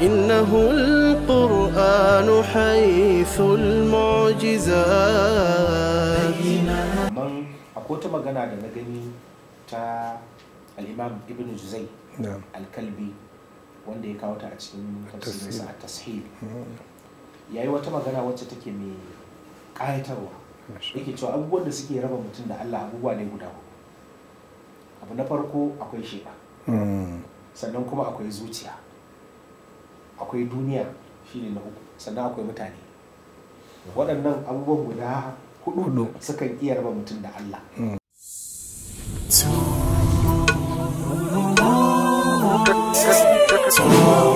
إنه القرآن حيث magana da na gani ta al'imam ibn juzai alkalbi ya kawo a cikin tafsirinsa a tashil wacce take mai ƙayatarwa yake cewa abubuwan da suke raba mutum da allah abubuwa ne guda hudu abu na farko akwai sheba sannan kuma akwai zuciya akwai duniya shine na uku sannan akwai mutane waɗannan abubuwan guda hudu sukan iya raba mutum da Allah hmm.